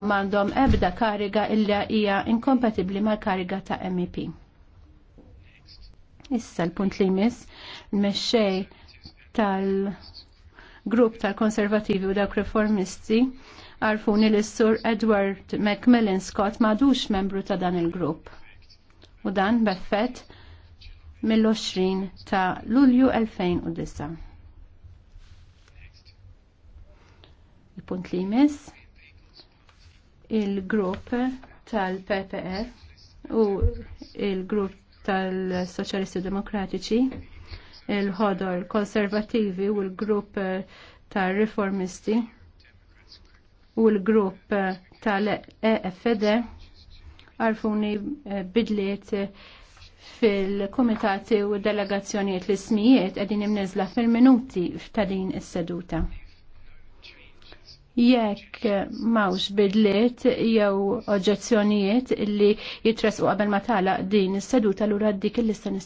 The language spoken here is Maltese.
mandom ebda kariga illa hija inkompatibbli mal-kariga ta' MEP. Issa l-punt li jmiss, mexxej tal-grupp tal-konservativi u dawk reformisti għarfuni li sur Edward Macmillan Scott madux membru ta' dan il-grupp. U dan beffet mill-20 ta' Lulju 2009. Il-punt li jmiss, il-grupp tal ppf u il-grupp tal-Soċjalisti Demokratiċi, il-ħodor konservativi u l-grupp tal-Riformisti u l-grupp tal-EFD għarfuni eh, bidliet fil-komitati u delegazzjoniet l-ismijiet għedin imnezla fil-minuti f'tadin is-seduta. Jekk mawx bidliet jew oġġezzjonijiet li jitresqu qabel ma tala din is-seduta lura dik il-lista